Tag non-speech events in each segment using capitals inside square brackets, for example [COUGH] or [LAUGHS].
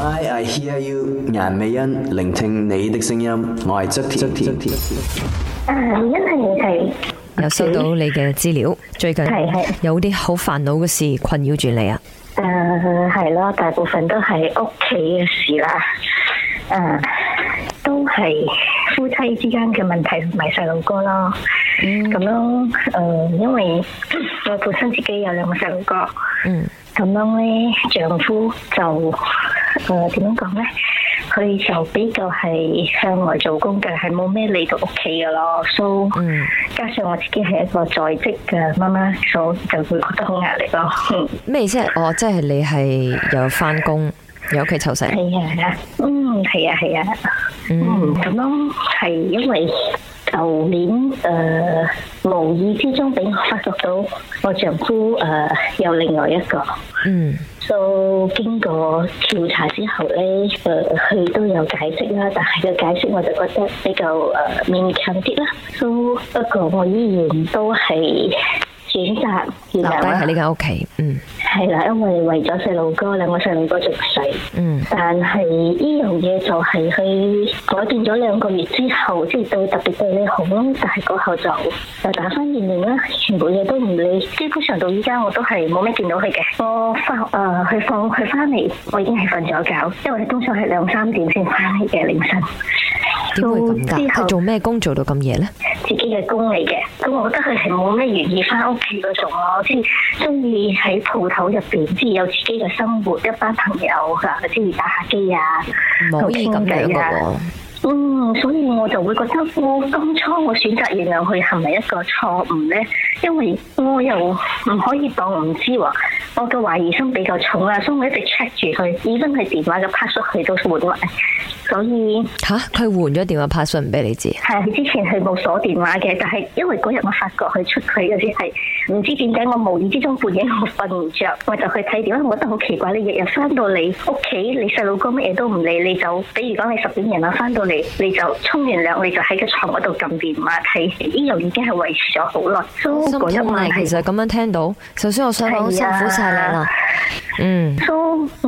I I hear you，顏美欣聆聽你的聲音。我係側田。啊，因為係有收到你嘅資料，最近係係有啲好煩惱嘅事困擾住你啊。誒，係咯，大部分都係屋企嘅事啦。誒，都係夫妻之間嘅問題同埋細路哥咯。咁樣，誒，因為我本身自己有兩個細路哥。嗯。咁樣咧，丈夫就。誒，點樣講咧？佢就比較係向外做工嘅，係冇咩理到屋企噶咯。所以加上我自己係一個在職嘅媽媽，所以就會覺得好壓力咯。咩 [LAUGHS] 意思？哦，即係你係有翻工。有佢湊成，係啊，啊。嗯，係啊，係啊，嗯，咁咯、嗯，係因為舊年誒、呃、無意之中俾我發覺到我丈夫誒、呃、有另外一個，嗯，到、so, 經過調查之後咧，誒、呃、佢都有解釋啦，但係個解釋我就覺得比較誒勉強啲啦，都不過我依然都係。選擇，嗱，我係呢間屋企，嗯，係啦，因為為咗細路哥，兩個細路哥仲細，嗯，但係呢樣嘢就係佢改變咗兩個月之後，即係到特別對你好，但係過後就就打翻原面啦，全部嘢都唔理，基本上到依家我都係冇咩見到佢嘅。我、呃、去放誒，佢放佢翻嚟，我已經係瞓咗覺，因為通常係兩三點先翻嚟嘅凌晨。點會咁噶？佢後做咩工做到咁夜咧？自己嘅工嚟嘅。咁我覺得佢係冇咩願意翻屋。係嗰種咯，即係中意喺鋪頭入邊，即 [NOISE] 係樂有自己嘅生活，一班朋友啊，中意打下機啊，都傾偈啊。嗯，所以我就會覺得，我當初我選擇原諒佢係咪一個錯誤咧？因為我又唔可以當唔知喎，我嘅懷疑心比較重啊，所以我一直 check 住佢，而家佢電話嘅 pass 出去都換埋。所以吓，佢、啊、換咗電話拍信唔俾你知。係佢之前係冇鎖電話嘅，但係因為嗰日我發覺佢出佢嗰啲係唔知點解，我無意之中半夜我瞓唔着，我就去睇電話，我覺得好奇怪。你日日翻到你屋企，你細路哥乜嘢都唔理，你就比如講你十點人啊翻到嚟，你就沖完涼，你就喺個床嗰度撳電話，睇。呢又已經係維持咗好耐。蘇嗰一晚其實咁樣聽到，首先我想辛苦晒啦。嗯，so,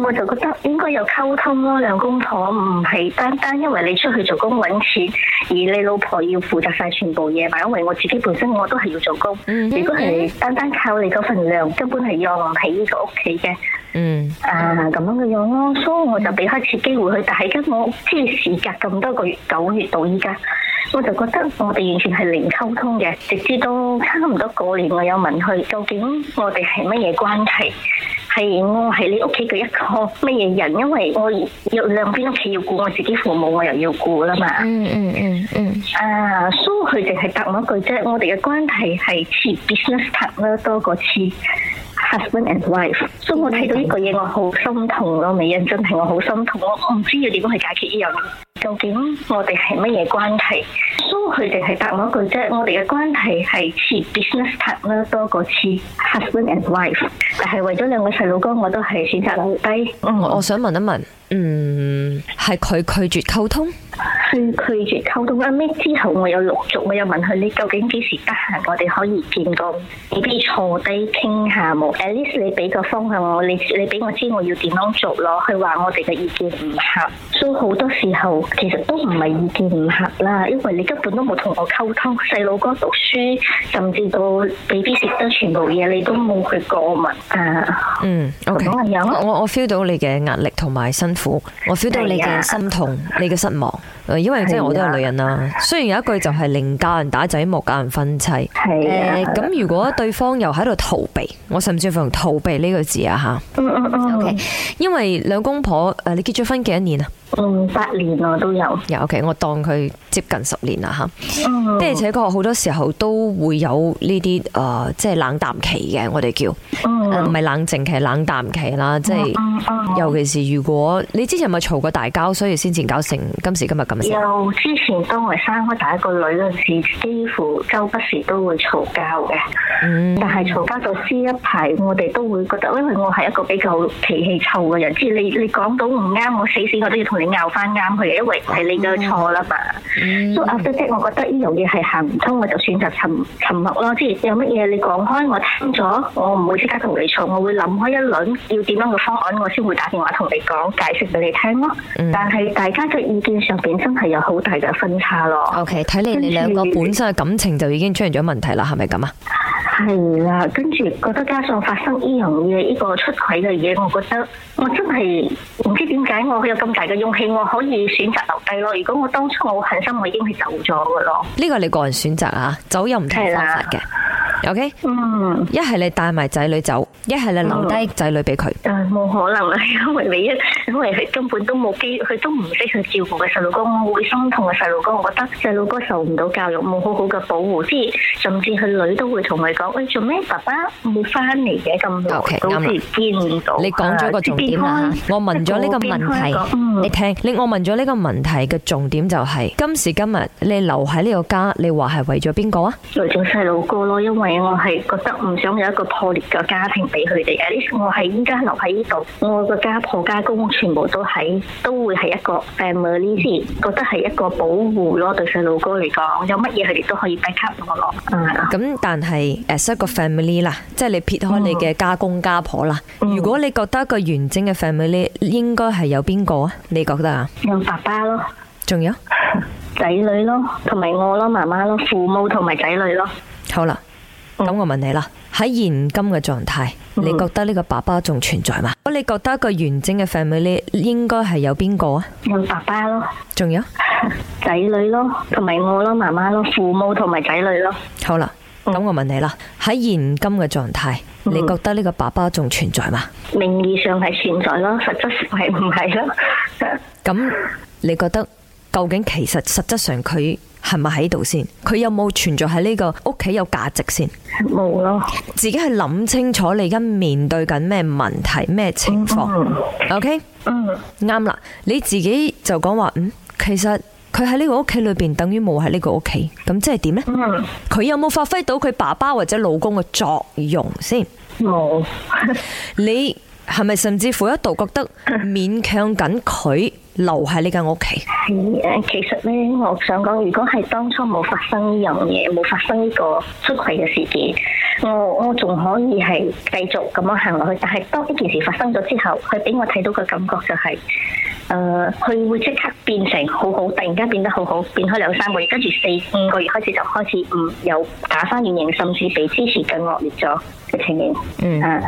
我就覺得應該有溝通咯，兩公婆唔係。單單因為你出去做工搵錢，而你老婆要負責晒全部嘢，因為我自己本身我都係要做工。 [MUSIC] 如果係單單靠你嗰份糧，根本係養唔起呢個屋企嘅。嗯， [MUSIC] 啊咁樣嘅樣咯，所以我就俾一次機會佢。但係而家我即係時隔咁多個月，九月到依家，我就覺得我哋完全係零溝通嘅，直至到差唔多過年，我有問佢究竟我哋係乜嘢關係。係我係你屋企嘅一個乜嘢人？因為我要兩邊屋企要顧，我自己父母我又要顧啦嘛。嗯嗯嗯嗯。啊，所佢淨係答我一句啫，我哋嘅關係係似 business partner 多過似 husband and wife。嗯。所以、so、我睇到呢個嘢，我好心痛咯，我美人真係我好心痛咯，我唔知要點樣去解決呢、這、樣、個。究竟我哋係乜嘢關係？不過佢哋係答我一句啫，我哋嘅關係係似 business partner 多過似 husband and wife。但係為咗兩位細路哥，我都係選擇留低。嗯，我想問一問，嗯，係佢拒絕溝通？拒拒絕溝通啊！咩之後我有陸續，我有問佢你究竟幾時得閒，我哋可以見到 BB 坐低傾下冇？At least，你你俾個方向我，你你俾我知我要點樣做咯？佢話我哋嘅意見唔合，所以好多時候其實都唔係意見唔合啦，因為你根本都冇同我溝通。細佬哥讀書，甚至到 BB 食得全部嘢，你都冇去過問啊！嗯，O、okay, K，、嗯、有、我我 feel 到你嘅壓力同埋辛苦，我 feel 到你嘅心痛，是啊、你嘅失望。 [LAUGHS] 因為即係我都係女人啦，雖然有一句就係、是、寧教人打仔、莫教人分妻。係咁 [MUSIC] 如果對方又喺度逃避，我甚至乎用逃避呢個字啊吓。O [NOISE] K，樂因為兩公婆誒，你結咗婚幾多年啊？嗯，八年我都有，有嘅，我當佢接近十年啦吓。嗯，並且確好多時候都會有呢啲誒，即係冷淡期嘅，我哋叫唔係冷靜期，係冷淡期啦。即係，尤其是如果你之前咪嘈過大交，所以先前搞成今時今日咁樣。又之前當我生開第一個女嗰陣時，幾乎周不時都會嘈交嘅。但係嘈交到呢一排，我哋都會覺得，因為我係一個比較脾氣臭嘅人，即係你你講到唔啱，我死死我都要同你。拗翻啱佢，因為係你嘅錯啦嘛。所以阿爹爹，我覺得呢樣嘢係行唔通，我就選擇沉沉默咯。即係有乜嘢你講開，我聽咗，我唔會即刻同你嘈，我會諗開一輪，要點樣嘅方案，我先會打電話同你講解釋俾你聽咯。但係大家嘅意見上邊真係有好大嘅分差咯。O K，睇嚟你兩個本身嘅感情就已經出現咗問題啦，係咪咁啊？係啦，跟住覺得加上發生呢樣嘢，呢個出軌嘅嘢，我覺得我真係唔知點解我會有咁大嘅。我可以選擇留低咯，如果我當初我狠心我已經係走咗嘅咯。呢個係你個人選擇啊，走有唔同方法嘅。O K，嗯，一係你帶埋仔女走，一係你留低仔女俾佢。誒，冇可能啊，因為你一，因為佢根本都冇機，佢都唔識去照顧嘅細路哥，我會心痛嘅細路哥。我覺得細路哥受唔到教育，冇好好嘅保護，即係甚至佢女都會同佢講：，喂，做咩爸爸冇翻嚟嘅咁耐，到時見唔到。你講咗個重點啊，我問咗呢個問題，你聽，你我問咗呢個問題嘅重點就係，今時今日你留喺呢個家，你話係為咗邊個啊？為咗細路哥咯，因為。我係覺得唔想有一個破裂嘅家庭俾佢哋。我係依家留喺呢度，我個家婆家公全部都喺，都會係一個 family 先，覺得係一個保護咯，對細路哥嚟講，有乜嘢佢哋都可以 backup 我咯。嗯，咁但係 as a 個 family 啦，即係你撇開你嘅家公家婆啦，如果你覺得一個完整嘅 family 應該係有邊個啊？你覺得啊？有爸爸咯，仲有仔女咯，同埋我咯，媽媽咯，父母同埋仔女咯。好啦。咁、嗯、我問你啦，喺現今嘅狀態，你覺得呢個爸爸仲存在嗎？咁你覺得一個完整嘅 family 應該係有邊個啊？問爸爸咯，仲有仔女咯，同埋我咯，媽媽咯，父母同埋仔女咯。好啦，咁我問你啦，喺現今嘅狀態，嗯、你覺得呢個爸爸仲存在嗎？名義上係存在咯，實質上係唔係咯？咁 [LAUGHS] 你覺得究竟其實實質上佢？係咪喺度先？佢有冇存在喺呢個屋企有價值先？冇咯。自己去諗清楚你而家面對緊咩問題、咩情況？OK，啱啦。你自己就講話，嗯，其實佢喺呢個屋企裏邊等於冇喺呢個屋企。咁即係點呢？佢，嗯、有冇發揮到佢爸爸或者老公嘅作用先？冇，嗯。嗯、你係咪甚至乎一度覺得勉強緊佢？留喺呢間屋企。係啊，其實咧，我想講，如果係當初冇發生呢樣嘢，冇發生呢個出軌嘅事件，我我仲可以係繼續咁樣行落去。但係當呢件事發生咗之後，佢俾我睇到嘅感覺就係、是，誒、呃，佢會即刻變成好好，突然間變得好好，變開兩三個月，跟住四五個月開始就開始唔有打翻原形，甚至比之前更惡劣咗嘅情形。嗯，啊、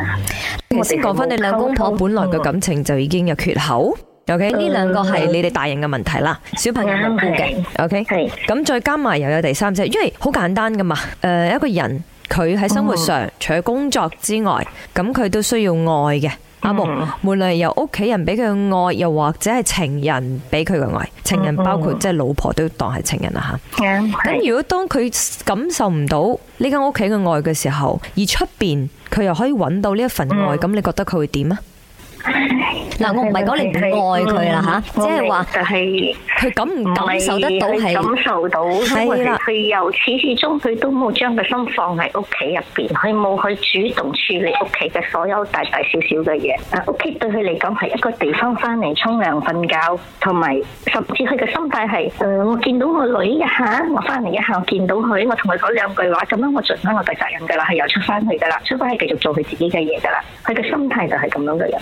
先我先講翻你兩公婆本來嘅感情就已經有缺口。嗯。OK，呢兩個係你哋大人嘅問題啦，小朋友係嘅，OK，咁再加埋又有第三者，因為好簡單噶嘛，誒、呃，一個人佢喺生活上，嗯、哼除咗工作之外，咁佢都需要愛嘅，阿木、嗯哼，無論由屋企人俾佢愛，又或者係情人俾佢嘅愛，嗯、哼情人包括、嗯、哼即係老婆都當係情人啦吓，咁、嗯、哼如果當佢感受唔到呢間屋企嘅愛嘅時候，而出邊佢又可以揾到呢一份愛，咁、嗯、哼你覺得佢會點啊？嗱、啊，我唔係講你唔愛佢啦吓，即係話佢感唔感受得到，感受到。係啦，佢由始至終佢都冇將個心放喺屋企入邊，佢冇去主動處理屋企嘅所有大大小小嘅嘢。屋企對佢嚟講係一個地方，翻嚟沖涼、瞓覺，同埋甚至佢嘅心態係誒，我見到我女一下，我翻嚟一下見到佢，我同佢講兩句話，咁樣我盡翻我嘅責任噶啦，係又出翻去噶啦，出翻去繼續做佢自己嘅嘢噶啦。佢嘅心態就係咁樣嘅人。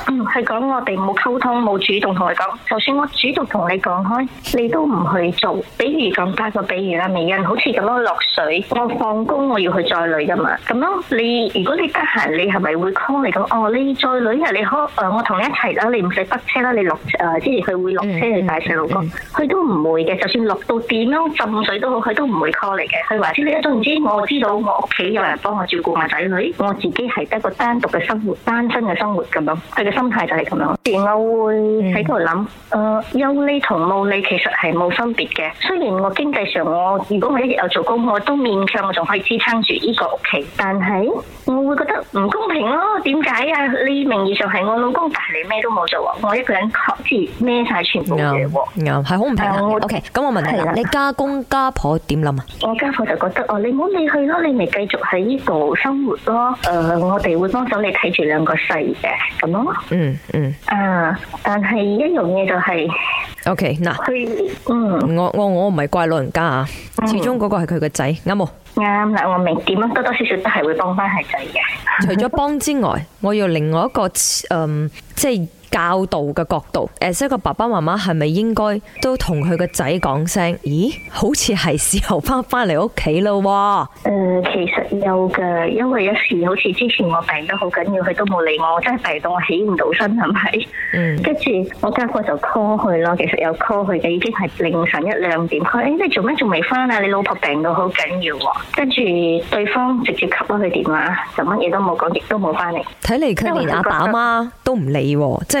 嗯，係講我哋冇溝通，冇主動同佢講。就算我主動同你講開，你都唔去做。比如咁，打個比喻啦，美人好似咁樣，落水。我放工我要去載女噶嘛。咁咯，你如果你得閒，你係咪會 call 你咁？哦，你載女啊？你可誒、呃，我同你一齊啦，你唔使塞車啦，你落誒、呃，之前佢會落車去帶細路哥，佢、嗯嗯嗯、都唔會嘅。就算落到點樣，浸水都好，佢都唔會 call 你嘅。佢話：，即係咧，總言之，我知道我屋企有人幫我照顧埋仔女，我自己係得個單獨嘅生活，單身嘅生活咁樣。.心態就係咁樣，而我會喺度諗，誒、嗯呃，有你同冇你其實係冇分別嘅。雖然我經濟上我如果我一日有做工，我都勉強我仲可以支撐住呢個屋企，但係我會覺得唔公平咯。點解啊？你名義上係我老公，但係你咩都冇做，我一個人確實孭晒全部嘢喎，係好唔平嘅、啊。O K，咁我問你啦，的你家公家婆點諗啊？我家婆就覺得哦，你唔好理佢咯，你咪繼續喺呢度生活咯。誒、呃，我哋會幫手你睇住兩個細嘅咁咯。嗯嗯，啊，但係一樣嘢就係，OK 嗱，佢嗯，我我我唔係怪老人家啊，始終嗰個係佢嘅仔，啱冇、嗯？啱好，嗱，我明點樣多多少少都係會幫翻佢仔嘅。 [LAUGHS] 除咗幫之外，我要另外一個，嗯、呃，即係。教導嘅角度，誒，即係個爸爸媽媽係咪應該都同佢個仔講聲？咦，好似係時候翻翻嚟屋企咯？誒、呃，其實有嘅，因為有時好似之前我病得好緊要，佢都冇理我，我真係病到我起唔到身，係咪？嗯，跟住我家婆就 call 佢咯，其實有 call 佢嘅，已經係凌晨一兩點。佢話，誒、欸，你做咩仲未翻啊？你老婆病到好緊要，啊？跟住對方直接扱咗佢電話，就乜嘢都冇講，亦都冇翻嚟。睇嚟，佢連阿爸媽都唔理，即係。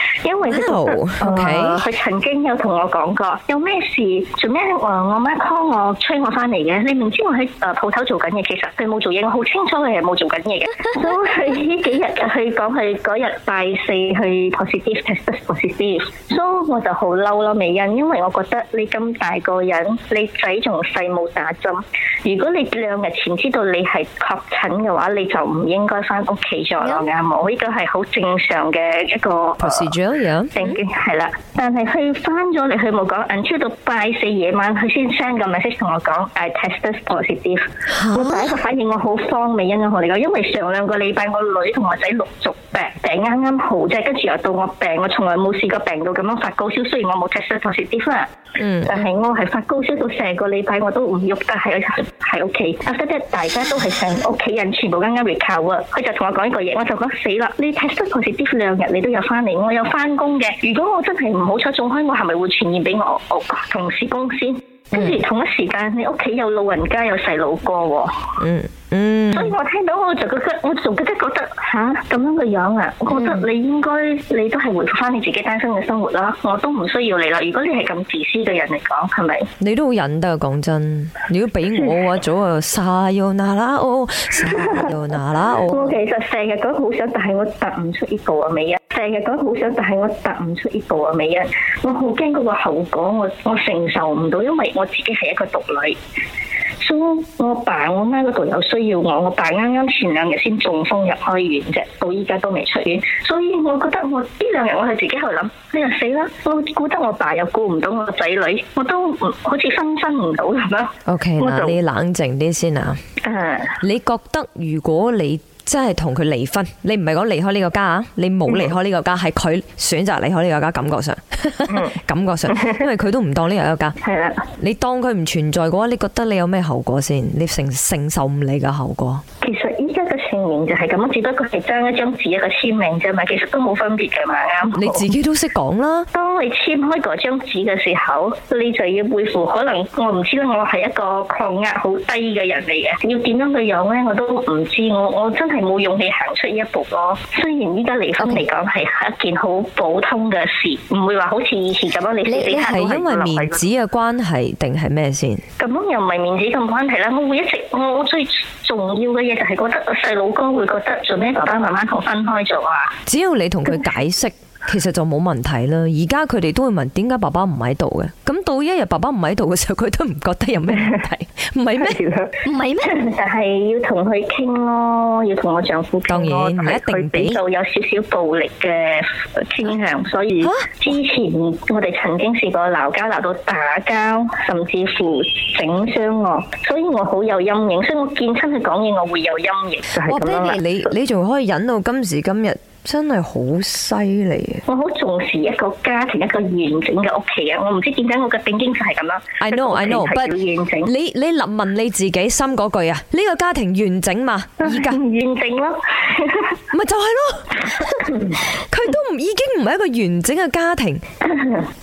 因為呢度，佢曾經有同我講過，Okay. 過，有咩事做咩？我我媽 call 我，催我翻嚟嘅。你明知我喺誒鋪頭做緊嘢，其實佢冇做嘢，我好清楚佢係冇做緊嘢嘅。都係呢幾日，佢講佢嗰日拜四去 positive，positive，所以我就好嬲咯，美欣，因為我覺得你咁大個人，你仔仲細冇打針，如果你兩日前知道你係確診嘅話，你就唔應該翻屋企做啦，啱我。呢個係好正常嘅一個 [COUGHS] 正經係啦，但係佢翻咗嚟，佢冇講，until 到拜四夜晚佢先 send 個 message 同我講，I test positive。 [MUSIC] 我第一個反應我好慌，美欣咁同你講，因為上兩個禮拜我女同我仔陸續病病啱啱好，即係跟住又到我病，我從來冇試過病到咁樣發高燒，雖然我冇 test positive [MUSIC] 但係我係發高燒到成個禮拜我都唔喐，但喺喺屋企，我覺得大家都係成屋企人全部啱啱 Recall 啊，佢就同我講一個嘢，我就講死啦，ily, 你 test positive 兩日你都有翻嚟，我有翻。翻工嘅，如果我真係唔好彩中開，我係咪會傳染俾我、哦、同事公司？跟住、嗯、同一時間，你屋企有老人家，有細路哥。嗯嗯。所以我聽到我就覺得，我仲覺得覺得吓咁樣嘅樣啊！我覺得你應該，你都係回復翻你自己單身嘅生活啦。我都唔需要你啦。如果你係咁自私嘅人嚟講，係咪？你都好忍得，啊。講真。如果俾我啊，早啊，沙喲拿拉哦，沙喲拿拉哦。我其實成日講好想，但係我突唔出呢步啊！美人，成日講好想，但係我突唔出呢步啊！美啊。我好驚嗰個後果，我我承受唔到，因為我我自己係一個獨女，所以我爸我媽嗰度有需要我。我爸啱啱前兩日先中風入醫院啫，到依家都未出院。所以我覺得我呢兩日我係自己去諗，哎呀死啦！我估顧得我爸又顧唔到我個仔女，我都好似分身唔到咁樣。O Okay , K，就你冷靜啲先啊。Uh, 你覺得如果你？真係同佢離婚，你唔係講離開呢個家啊？你冇離開呢個家，係佢、mm hmm. 選擇離開呢個家，感覺上， [LAUGHS] 感覺上，因為佢都唔當呢個一個家。係啦，你當佢唔存在嘅話，你覺得你有咩後果先？你承承受唔嚟嘅後果？其實。就係咁，只不過係張一張紙一個簽名啫嘛，其實都冇分別嘅嘛，啱你自己都識講啦。當你簽開嗰張紙嘅時候，你就要背負。可能我唔知啦，我係一個抗壓好低嘅人嚟嘅，要點樣去樣咧，我都唔知。我我真係冇勇氣行出一步咯。雖然依家離婚嚟講係一件好普通嘅事，唔會話好似以前咁樣，你你係因為面子嘅關係定係咩先？咁又唔係面子咁關係啦。我會一直我最重要嘅嘢就係覺得細佬哥會覺得做咩？爸爸媽媽同分開咗啊！只要你同佢解釋。其實就冇問題啦，而家佢哋都會問點解爸爸唔喺度嘅，咁到一日爸爸唔喺度嘅時候，佢都唔覺得有咩問題，唔係咩，唔係咩，就係 [LAUGHS] 要同佢傾咯，要同我丈夫傾咯，一定然畀到有少少暴力嘅傾向，啊、所以之前我哋曾經試過鬧交鬧到打交，甚至乎整傷我，所以我好有陰影，所以我見親佢講嘢我會有陰影。哇，Benny，你你仲可以忍到今時今日。真係好犀利啊！我好重視一個家庭，一個完整嘅屋企啊。我唔知點解我嘅定經就係咁啦。I know, I know，不完整。你你立問你自己心嗰句啊？呢、這個家庭完整嘛？而家唔完整咯，咪 [LAUGHS] 就係咯，佢 [LAUGHS] 都唔已經唔係一個完整嘅家庭，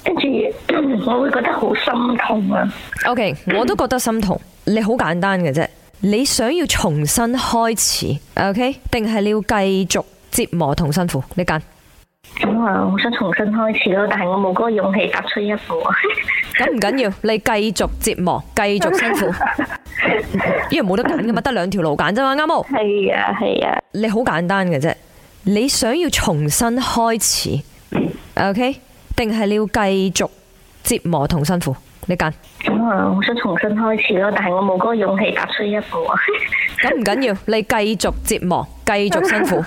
跟住 [LAUGHS] 我會覺得好心痛啊。OK，我都覺得心痛。 [LAUGHS] 你好簡單嘅啫，你想要重新開始，OK，定係你要繼，繼續？折磨同辛苦，你揀。咁啊、嗯，我想重新開始咯，但係我冇嗰個勇氣踏出一步啊。咁唔緊要，你繼續折磨，繼續辛苦，因 [LAUGHS] 為冇得揀噶嘛，得兩條路揀啫嘛，啱冇？係啊，係啊。你好簡單嘅啫，你想要重新開始、嗯，OK？定係你要繼續折磨同辛苦？你揀。咁啊、嗯，我想重新開始咯，但係我冇嗰個勇氣踏出一步啊。咁唔緊要，你繼續折磨。繼續辛苦，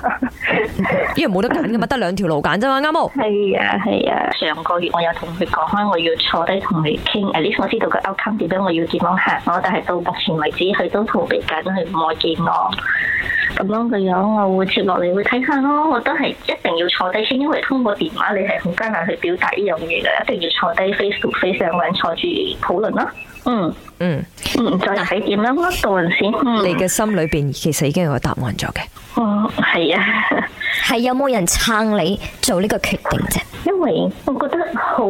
因為冇得揀㗎嘛，得兩條路揀啫嘛，啱冇？係啊，係啊，啊上個月我有同佢講開，我要坐低同佢傾，誒呢，我知道個 outcome 點樣，我要點樣行，但係到目前為止佢都逃避緊，佢唔愛見我。咁樣嘅樣，我會接落嚟會睇下咯。我都係一定要坐低傾，因為通過電話你係好艱難去表達呢樣嘢㗎，一定要坐低 face to face 上揾坐住討論啦。嗯嗯嗯，嗯再睇點樣、啊、到陣時。嗯、你嘅心裏邊其實已經有個答案咗嘅。哦，係啊，係有冇人撐你做呢個決定啫？ [LAUGHS] 因為我覺得好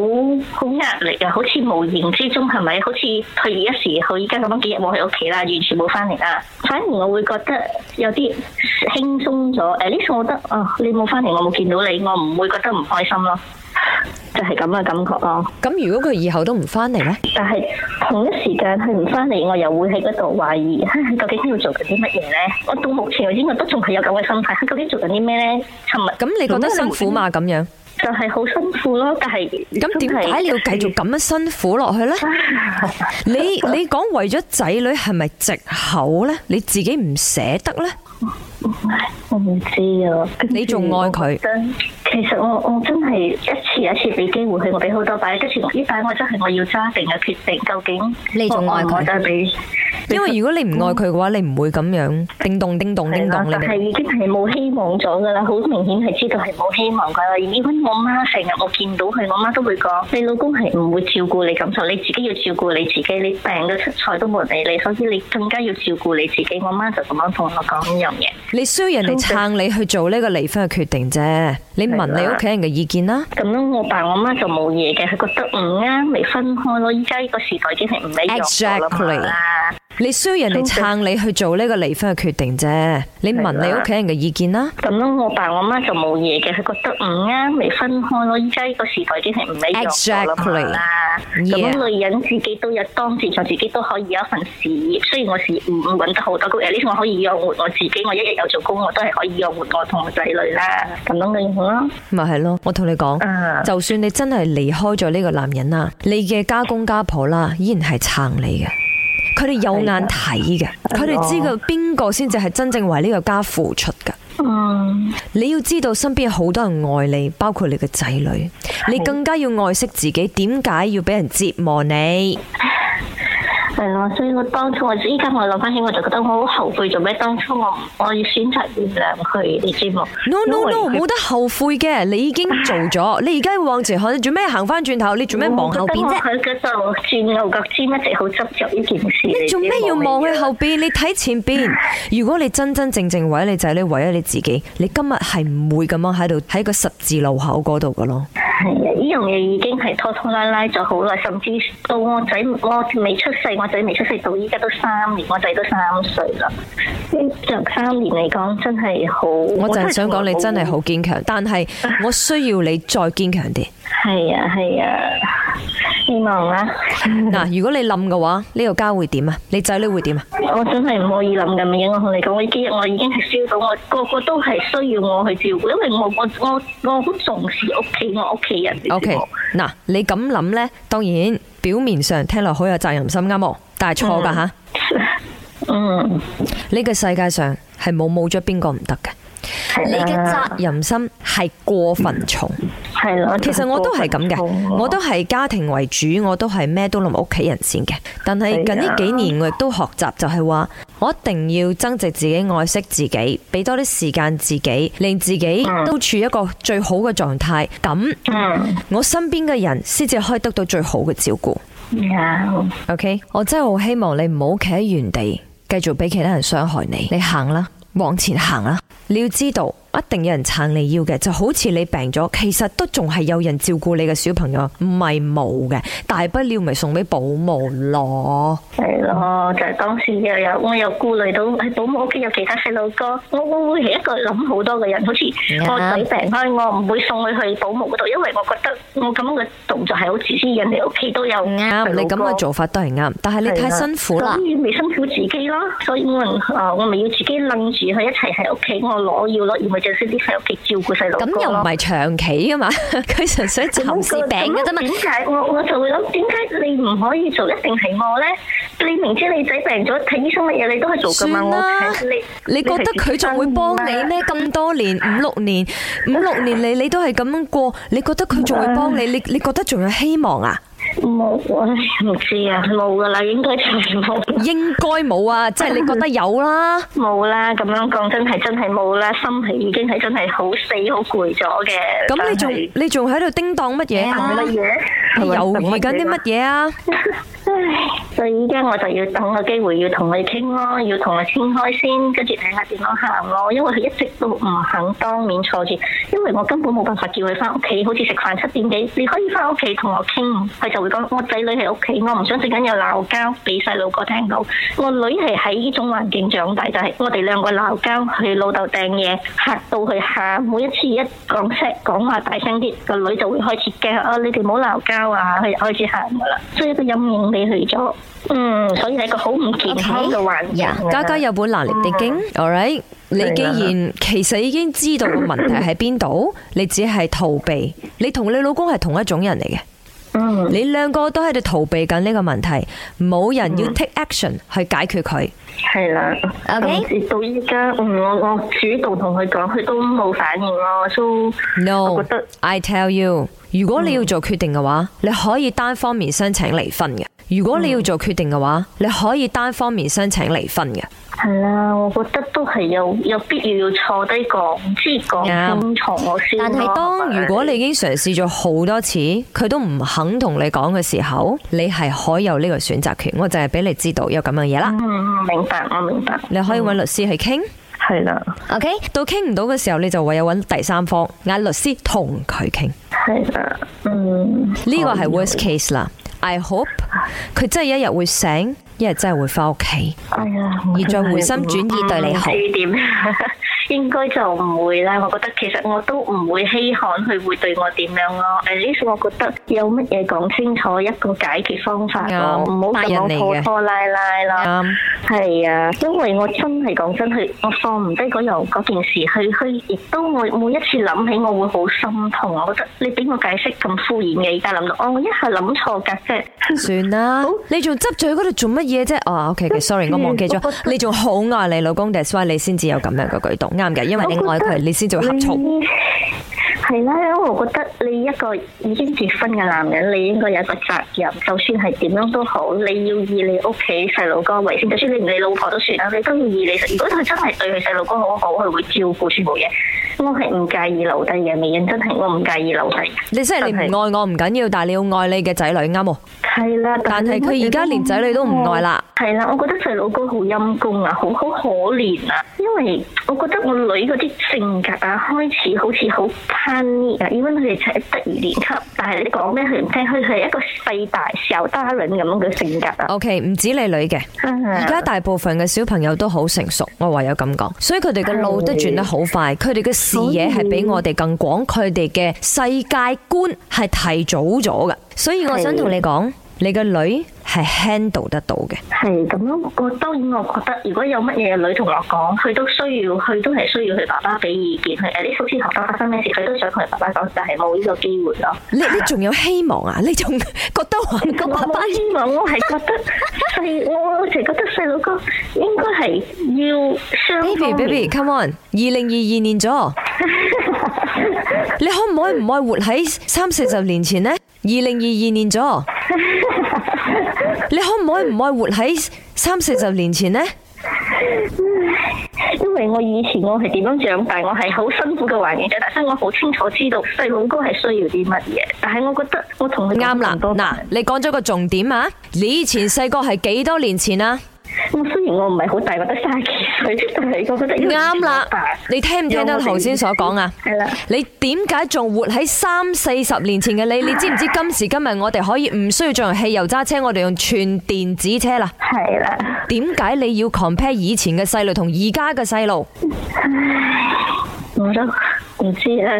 好壓力啊，好似無形之中係咪？好似突然一時佢而家咁樣幾日冇去屋企啦，完全冇翻嚟啦。反而我會覺得有啲輕鬆咗。誒，呢次我覺得，哦、啊，你冇翻嚟，我冇見到你，我唔會覺得唔開心咯。就係咁嘅感覺咯。咁如果佢以後都唔翻嚟咧？但係同一時間佢唔翻嚟，我又會喺嗰度懷疑，究竟要做緊啲乜嘢咧？我到目前我應該，我都仲係有咁嘅心態，究竟做緊啲咩咧？係咪咁你覺得辛苦嘛？咁樣就係好辛苦咯。但係咁點解你要繼續咁樣辛苦落去咧？ [LAUGHS] 你你講為咗仔女係咪借口咧？你自己唔捨得咧？我唔知啊。就是，你仲愛佢？其實我我真係一次一次俾機會佢，我俾好多擺，跟住呢擺我真係我要揸定嘅決定。究竟我你仲愛佢？我我因為如果你唔愛佢嘅話，你唔會咁樣叮咚叮咚叮，但係，就是，已經係冇希望咗噶啦，好明顯係知道係冇希望噶啦。已經我媽成日我見到佢，我媽都會講：你老公係唔會照顧你感受，你自己要照顧你自己。你病到出菜都冇人理你，所以你更加要照顧你自己。我媽就咁樣同我講呢樣嘢。你需要人哋撐你去做呢個離婚嘅決定啫，你問你屋企人嘅意見啦。咁樣我爸我媽就冇嘢嘅，佢覺得唔啱咪分開咯，而家呢個時代真係唔一樣噶啦你需要人哋撐你去做呢個離婚嘅決定啫，你問你屋企人嘅意見啦。咁樣，我爸我媽就冇嘢嘅，佢覺得唔啱未分開咯。而家呢個時代已經唔一樣噶啦嘛。咁女人自己都有，當時就自己都可以有一份事業。雖然我是唔搵得好多嘅，呢我可以養活我自己，我一日有做工，我都係可以養活我同我仔女啦。咁樣咪好咯。咪係咯，我同你講，就算你真係離開咗呢個男人啦，你嘅家公家婆啦，依然係撐你嘅。佢哋有眼睇嘅，佢哋的知道邊個先至係真正為呢個家付出噶。你要知道身邊好多人愛你，包括你嘅仔女，你更加要愛惜自己。點解要俾人折磨你？係咯、嗯，所以我當初我依家我諗翻起，我就覺得我好後悔，做咩當初我我要選擇原諒佢，你知冇？No no no，冇得後悔嘅，你已經做咗，唉你而家要往前看，你做咩行翻轉頭？你做咩望後邊啫？嗯、我覺得喺嗰度鑽牛角尖，一直好執着呢件事。你做咩要望去後邊？ [LAUGHS] 你睇前邊，如果你真真正正為咗你仔，你為咗你自己，你今日係唔會咁樣喺度喺個十字路口嗰度噶咯？係啊，呢樣嘢已經係拖拖拉拉咗好耐，甚至到我仔我未出世仔未出世到依家都三年，我仔都三歲啦。呢着三年嚟講，真係好，我就係想講你真係好堅強，但係我需要你再堅強啲。係啊，係啊，希望啦。嗱，如果你諗嘅話，呢個家會點啊？你仔女會點啊？我真係唔可以諗咁嘅。我同你講，我今日我已經係需要到我個個都係需要我去照顧，因為我我我我好重視屋企我屋企人 Ok，嗱，你咁諗咧，當然表面上聽落好有責任心啱喎，但係錯噶吓。嗯，呢個世界上係冇冇咗邊個唔得嘅。你嘅責任心係過分重，係、嗯、其實我都係咁嘅，我都係家庭為主，我都係咩都諗屋企人先嘅。但係近呢幾年的我亦都學習，就係話我一定要增值自己，愛惜自己，俾多啲時間自己，令自己都處一個最好嘅狀態。咁、嗯、我身邊嘅人先至可以得到最好嘅照顧。嗯、Okay，我真係好希望你唔好企喺原地，繼續俾其他人傷害你。你行啦。往前行啊，你要知道。一定有人撐你腰嘅，就好似你病咗，其實都仲係有人照顧你嘅小朋友，唔係冇嘅。大不了咪送俾保姆咯。係咯，就係、是、當時又有我又顧慮到喺保姆屋企有其他細路哥，我我會係一個諗好多嘅人，好似我仔的病開，我唔會送佢去保姆度，因為我覺得我咁嘅動作係好自私，人哋屋企都有啱。你咁嘅做法都係啱，但係你太辛苦啦。我未辛苦自己咯，所以、呃、我咪要自己楞住佢一齊喺屋企，我攞要攞就識啲喺屋企照顧細路哥。咁又唔係長期噶嘛，佢 [LAUGHS] 純粹係臨時病嘅啫嘛。就係我我就會諗，點解你唔可以做一定係我咧？你明知你仔病咗，睇醫生乜嘢你都係做噶嘛？算啦了，你你覺得佢仲會幫你咩？咁 [LAUGHS] 多年，五六年，五六年嚟你都係咁樣過，你覺得佢仲會幫你？你你覺得仲有希望啊？冇啊，唔知啊，冇㗎啦，應該係冇，應該冇啊，即係你覺得有， [LAUGHS] 有啦，冇啦，咁樣講真係真係冇啦，心係已經係真係好死好攰咗嘅，咁你仲是你仲喺度叮當乜嘢啊？乜嘢麼？猶豫緊啲乜嘢啊？ [LAUGHS] 唉，所以而家我就要等個機會，要同佢傾咯，要同佢傾開先，跟住睇下點樣行咯。因為佢一直都唔肯當面坐住，因為我根本冇辦法叫佢翻屋企。好似食飯七點幾，你可以翻屋企同我傾，佢就會講我仔女喺屋企，我唔想陣間又鬧交，俾細路哥聽到。我女係喺呢種環境長大，就係我哋兩個鬧交，佢老豆掟嘢嚇到佢喊。每一次一講聲講話大聲啲，個女就會開始驚啊！你哋唔好鬧交啊！佢就開始喊噶啦，所以一個陰影嚟。咗，嗯，所以係個好唔健康嘅呀，家家有本難念的經。Mm. All right，Yeah. 你既然其實已經知道問題喺邊度， [LAUGHS] 你只係逃避。你同你老公係同一種人嚟嘅。Mm. 你兩個都喺度逃避緊呢個問題，冇人要 take action 去解決佢。係啦到依家，我我主動同佢講，佢都冇反應咯。都，no，I tell you，如果你要做決定嘅話，mm. 你可以單方面申請離婚嘅。如果你要做決定嘅話，你可以單方面申請離婚嘅。係啦，我覺得都係有有必要要坐低講，即講同我先。但係當如果你已經嘗試咗好多次，佢都唔肯同你講嘅時候，你係可以有呢個選擇權。我就係俾你知道有咁樣嘢啦。嗯，明白，我明白。你可以揾律師去傾。係啦、嗯。OK，到傾唔到嘅時候，你就唯有揾第三方，嗌律師同佢傾。係啦。嗯。呢個係 worst case 啦。I hope 佢真係一日會醒，一日真係會返屋企，而再回心轉意對你好。應該就唔會啦，我覺得其實我都唔會稀罕佢會對我點樣咯、啊。誒，呢次我覺得有乜嘢講清楚一個解決方法咯，唔好咁講拖拖拉拉啦。啱，係、嗯、啊，因為我真係講真，佢我放唔低嗰樣嗰件事，佢佢亦都我每一次諗起我會好心痛。我覺得你俾我解釋咁敷衍嘅，而家諗到哦，我一係諗錯架啫。 [LAUGHS] 算啦了，哦、你仲執嘴喺度做乜嘢啫？哦，OK 嘅，sorry，我忘記咗。嗯、你仲好愛你老公，定係你先至有咁樣嘅舉動。因為你愛佢你先做客串，係啦。因為我覺得你一個已經結婚嘅男人，你應該有一個責任，就算係點樣都好，你要以你屋企細路哥為先。就算你唔理老婆都算啦，你都要以你細路哥。 [LAUGHS] 如果佢真係對佢細路哥好好，佢會照顧全部嘢。我係唔介意留低嘅，未認真聽。我唔介意留低。你雖然唔愛我唔緊是要緊，但係你要愛你嘅仔女，啱喎。係啦了，但係佢而家連仔女都唔愛啦。係啦，我覺得細佬哥好陰功啊，好好可憐啊。因為我覺得我女嗰啲性格啊，開始好似好親啊。依家佢哋才一二年級，但係你講咩佢唔聽，佢係一個細大小 darling 咁樣嘅性格啊。O K，唔止你女嘅，而家 [LAUGHS] 大部分嘅小朋友都好成熟，我唯有咁講。所以佢哋嘅腦都轉得好快，佢哋嘅。視野係比我哋更廣，佢哋嘅世界觀係提早咗嘅，所以我想同你講。你個女係 handle 得到嘅，係咁樣。我當然我覺得，如果有乜嘢女同學講，佢都需要，佢都係需要佢爸爸俾意見。佢誒，啲好事同發生咩事，佢都想同佢爸爸講，但係冇呢個機會咯。你你仲有希望啊？你仲覺得個爸爸我我冇希望？我係覺得細 [LAUGHS] 我我淨係覺得細佬哥應該係要雙方 Baby baby come on！二零二二年咗， [LAUGHS] 你可唔可以唔愛活喺三四十年前呢？二零二二年咗。 [LAUGHS] 你可唔可以唔愛活喺三四十年前呢？ [LAUGHS] 因為我以前我係點樣長大，我係好辛苦嘅環境，但係我好清楚知道細佬哥係需要啲乜嘢。但係我覺得我同佢啱啦，嗱，你講咗個重點啊！你以前細個係幾多年前啊？我雖然我唔係好大，覺得三十幾歲，但係我覺得啱啦。了你聽唔聽得頭先所講啊？係啦 [LAUGHS] 了。你點解仲活喺三四十年前嘅你？你知唔知今時今日我哋可以唔需要再用汽油揸車，我哋用全電子車啦？係啦了。點解你要 compare 以前嘅細路同而家嘅細路？ [LAUGHS] 我都唔知啊。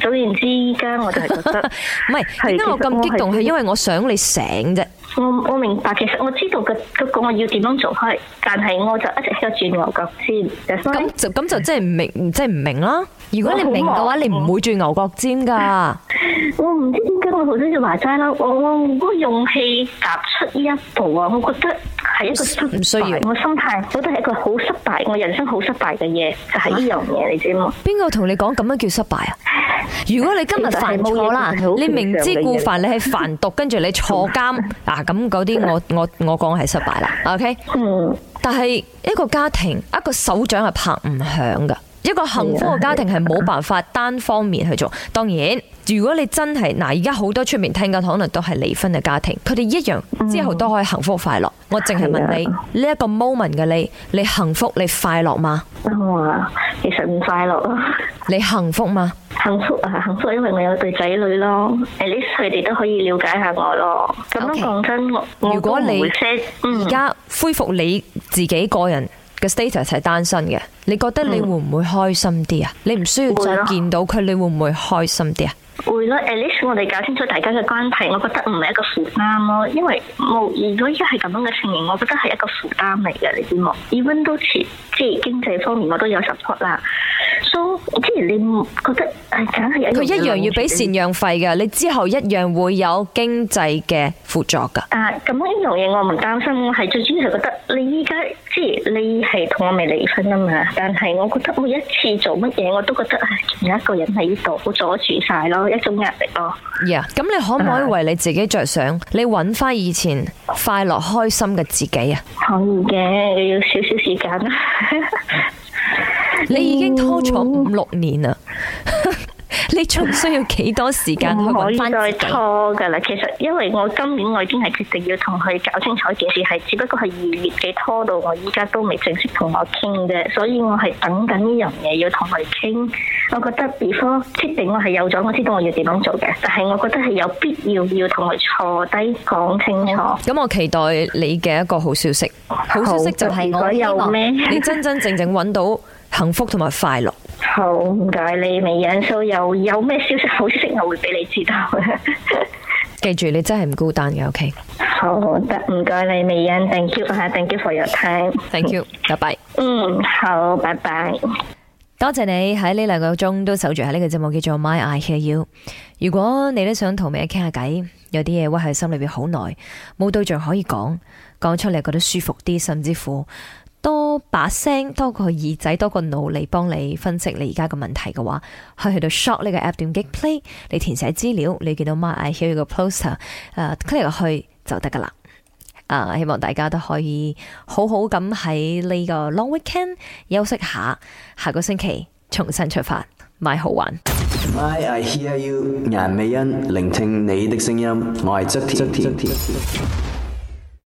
總然之，依家我就覺得唔係 [LAUGHS] 是。點解是我咁激動？係因為我想你醒啫。我我明白，其實我知道嘅嗰個我要點樣做開，但係我就一直喺度轉牛角先。咁就咁就即係唔明，是即係唔明啦。如果你明嘅話，你唔會鑽牛角尖噶、嗯。我唔知點解我頭先就話齋啦。我我個勇氣踏出呢一步啊，我覺得係一個失敗。唔需要。我心態覺得係一個好失敗，我人生好失敗嘅嘢就係呢樣嘢，啊、你知麼？邊個同你講咁樣叫失敗啊？如果你今日犯錯啦，你明知故犯，你係販毒，跟住你坐監嗱，咁嗰啲我我我講係失敗啦。OK、嗯。但係一個家庭一個手掌係拍唔響噶。一個幸福嘅家庭係冇辦法單方面去做。當然，如果你真係嗱，而家好多出面聽嘅可能都係離婚嘅家庭，佢哋一樣之後都可以幸福快樂。我淨係問你呢一個 moment 嘅你，你幸福你快樂嗎？唔啊、哦，其實唔快樂。你幸福嗎？幸福啊，幸福，因為我有對仔女咯，At least，佢哋都可以了解下我咯。Okay，咁樣講真，如果你而家恢復你自己個人。嗯嘅 status 係單身嘅，你覺得你會唔會開心啲啊？嗯，你唔需要再見到佢，你會唔會開心啲啊？會啦，至少我哋搞清楚大家嘅關係，我覺得唔係一個負擔咯。因為無如果依家係咁樣嘅情形，我覺得係一個負擔嚟嘅，你知冇？Even though 即係經濟方面，我都有 support 啦。So，即然你覺得係梗係，佢、哎、一,一樣要俾贍養費嘅，你之後一樣會有經濟嘅輔助噶。啊，咁呢樣嘢我唔擔心，我係最主要係覺得你依家即係你係同我未離婚啊嘛，但係我覺得每一次做乜嘢，我都覺得啊，仲有一個人喺呢度好阻住晒咯。一種壓力咯。咁、哦 yeah，你可唔可以為你自己着想，係咪你揾翻以前快樂開心嘅自己啊？可以嘅，要少少時間啦。 [LAUGHS] 你已經拖咗五六年啦。 [LAUGHS] 你仲需要幾多時間可以翻？錯噶啦，其實因為我今年我已經係決定要同佢搞清楚件事，係只不過係二月幾拖到我依家都未正式同我傾嘅。所以我係等緊呢樣嘢要同佢傾。我覺得如果確定我係有咗，我知道我要點樣做嘅，但係我覺得係有必要要同佢坐低講清楚。咁我期待你嘅一個好消息，好消息就係我希望你真真正正搵到幸福同埋快樂。 [LAUGHS] 好，唔該你未影 show 有有咩消息，好消息我會俾你知道嘅。 [LAUGHS] 記住你真係唔孤單嘅，OK 好。好得，唔該你未影，thank you，thank you for your time，thank you，拜拜。嗯，好，拜拜。多謝你喺呢兩個鐘都守住喺呢個節目叫做 My I Hear You。如果你都想同咩傾下偈，有啲嘢屈喺心裏邊好耐，冇對象可以講，講出嚟覺得舒服啲，甚至乎。多把聲，多個耳仔，多個腦嚟幫你分析你而家個問題嘅話，去到 s h o t 呢個 app 點擊 play，你填寫資料，你見到 my I hear you 嘅 poster，誒、呃、click 落去就得噶啦。誒、呃、希望大家都可以好好咁喺呢個 long weekend 休息下，下個星期重新出發買好玩 My I hear you，顏美欣聆聽你的聲音，嗯、我側田。田